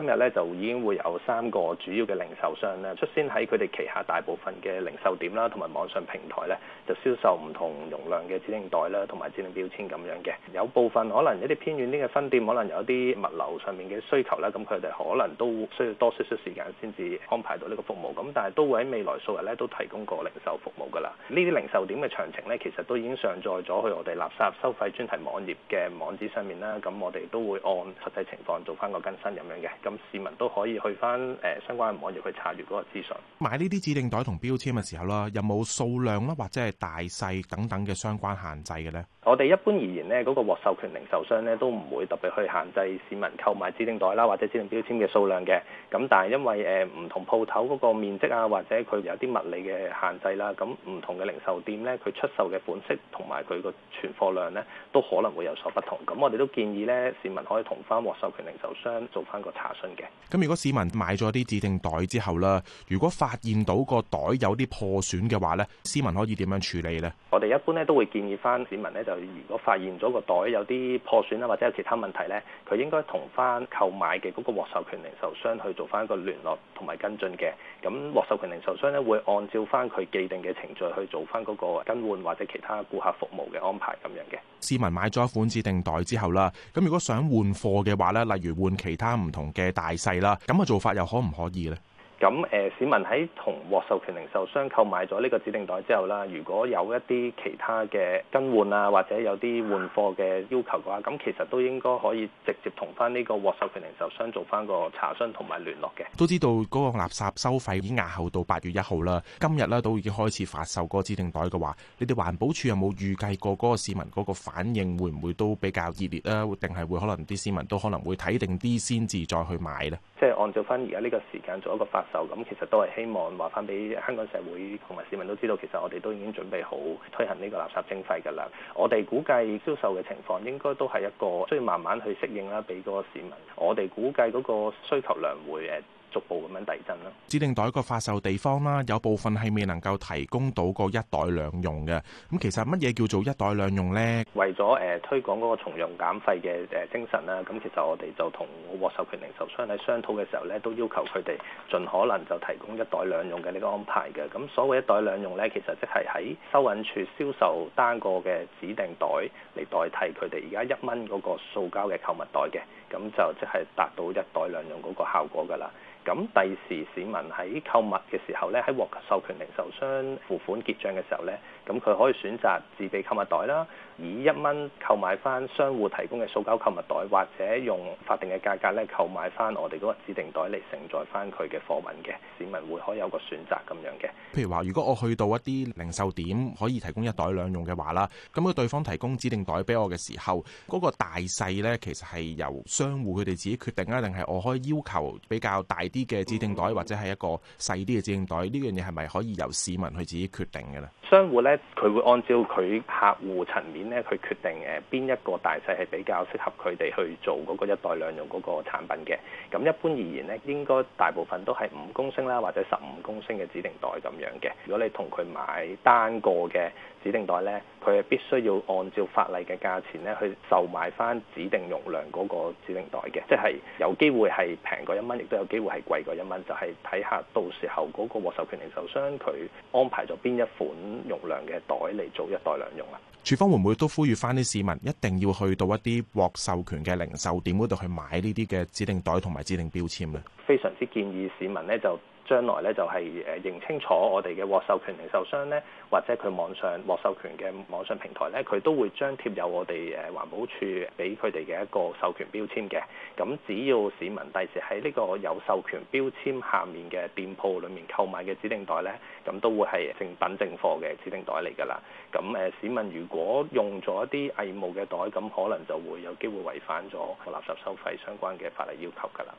今日咧就已經會有三個主要嘅零售商咧率先喺佢哋旗下大部分嘅零售點啦，同埋網上平台咧就銷售唔同容量嘅指定袋啦，同埋指定標籤咁樣嘅。有部分可能一啲偏遠啲嘅分店，可能有一啲物流上面嘅需求啦，咁佢哋可能都需要多少少時間先至安排到呢個服務。咁但係都會喺未來數日咧都提供個零售服務㗎啦。呢啲零售點嘅詳情咧其實都已經上載咗去我哋垃圾收費專題網頁嘅網址上面啦。咁我哋都會按實際情況做翻個更新咁樣嘅。咁市民都可以去翻誒相關嘅網頁去查閲嗰個資訊。買呢啲指定袋同標籤嘅時候啦，有冇數量啦或者係大細等等嘅相關限制嘅呢？我哋一般而言咧，嗰個獲授權零售商咧都唔會特別去限制市民購買指定袋啦或者指定標籤嘅數量嘅。咁但係因為誒唔同鋪頭嗰個面積啊或者佢有啲物理嘅限制啦，咁唔同嘅零售店咧佢出售嘅款式同埋佢個存貨量咧都可能會有所不同。咁我哋都建議咧市民可以同翻獲授權零售商做翻個查。嘅咁，如果市民買咗啲指定袋之後啦，如果發現到個袋有啲破損嘅話呢，市民可以點樣處理呢？我哋一般呢都會建議翻市民呢，就如果發現咗個袋有啲破損啦，或者有其他問題呢，佢應該同翻購買嘅嗰個獲授權零售商去做翻一個聯絡同埋跟進嘅。咁獲授權零售商呢，會按照翻佢既定嘅程序去做翻嗰個更換或者其他顧客服務嘅安排咁樣嘅。市民買咗一款指定袋之後啦，咁如果想換貨嘅話呢，例如換其他唔同嘅大細啦，咁嘅做法又可唔可以呢？咁市民喺同獲授權零售商購買咗呢個指定袋之後啦，如果有一啲其他嘅更換啊，或者有啲換貨嘅要求嘅話，咁其實都應該可以直接同翻呢個獲授權零售商做翻個查詢同埋聯絡嘅。都知道嗰個垃圾收費已經押後到八月一號啦，今日呢都已經開始發售嗰個指定袋嘅話，你哋環保署有冇預計過嗰個市民嗰個反應會唔會都比較熱烈啊？定係會可能啲市民都可能會睇定啲先至再去買呢？即係按照翻而家呢個時間做一個發售，咁其實都係希望話翻俾香港社會同埋市民都知道，其實我哋都已經準備好推行呢個垃圾徵費㗎啦。我哋估計銷售嘅情況應該都係一個需要慢慢去適應啦，俾嗰個市民。我哋估計嗰個需求量會逐步咁樣遞增咯。指定袋個發售地方啦，有部分係未能夠提供到個一袋兩用嘅。咁其實乜嘢叫做一袋兩用呢？為咗誒推廣嗰個重用減廢嘅誒精神啦，咁其實我哋就同獲授權零售商喺商討嘅時候咧，都要求佢哋盡可能就提供一袋兩用嘅呢個安排嘅。咁所謂一袋兩用呢，其實即係喺收銀處銷售單個嘅指定袋嚟代替佢哋而家一蚊嗰個塑膠嘅購物袋嘅，咁就即係達到一袋兩用嗰個效果㗎啦。咁第時市民喺購物嘅時候呢，喺獲授權零售商付款結帳嘅時候呢，咁佢可以選擇自備購物袋啦，以一蚊購買翻商戶提供嘅塑膠購物袋，或者用法定嘅價格咧購買翻我哋嗰個指定袋嚟承載翻佢嘅貨品嘅。市民會可以有個選擇咁樣嘅。譬如話，如果我去到一啲零售點，可以提供一袋兩用嘅話啦，咁佢對方提供指定袋俾我嘅時候，嗰個大細呢，其實係由商戶佢哋自己決定啊，定係我可以要求比較大啲？啲嘅指定袋或者係一個細啲嘅指定袋。呢樣嘢係咪可以由市民去自己決定嘅咧？商戶咧，佢會按照佢客戶層面咧，去決定誒邊一個大細係比較適合佢哋去做嗰個一袋兩用嗰個產品嘅。咁一般而言咧，應該大部分都係五公升啦，或者十五公升嘅指定袋咁樣嘅。如果你同佢買單個嘅指定袋咧，佢係必須要按照法例嘅價錢咧去售賣翻指定容量嗰個指定袋嘅，即係有機會係平過一蚊，亦都有機會係。貴過一蚊，就係睇下到時候嗰個獲授權零售商佢安排咗邊一款容量嘅袋嚟做一袋兩用啊。署方會唔會都呼籲返啲市民一定要去到一啲獲授權嘅零售店嗰度去買呢啲嘅指定袋同埋指定標籤呢？非常之建議市民呢就。將來咧就係誒認清楚我哋嘅獲授權零售商咧，或者佢網上獲授權嘅網上平台咧，佢都會張貼有我哋誒環保署俾佢哋嘅一個授權標籤嘅。咁只要市民第時喺呢個有授權標籤下面嘅店鋪裏面購買嘅指定袋咧，咁都會係正品正貨嘅指定袋嚟㗎啦。咁市民如果用咗一啲偽冒嘅袋，咁可能就會有機會違反咗垃圾收費相關嘅法例要求㗎啦。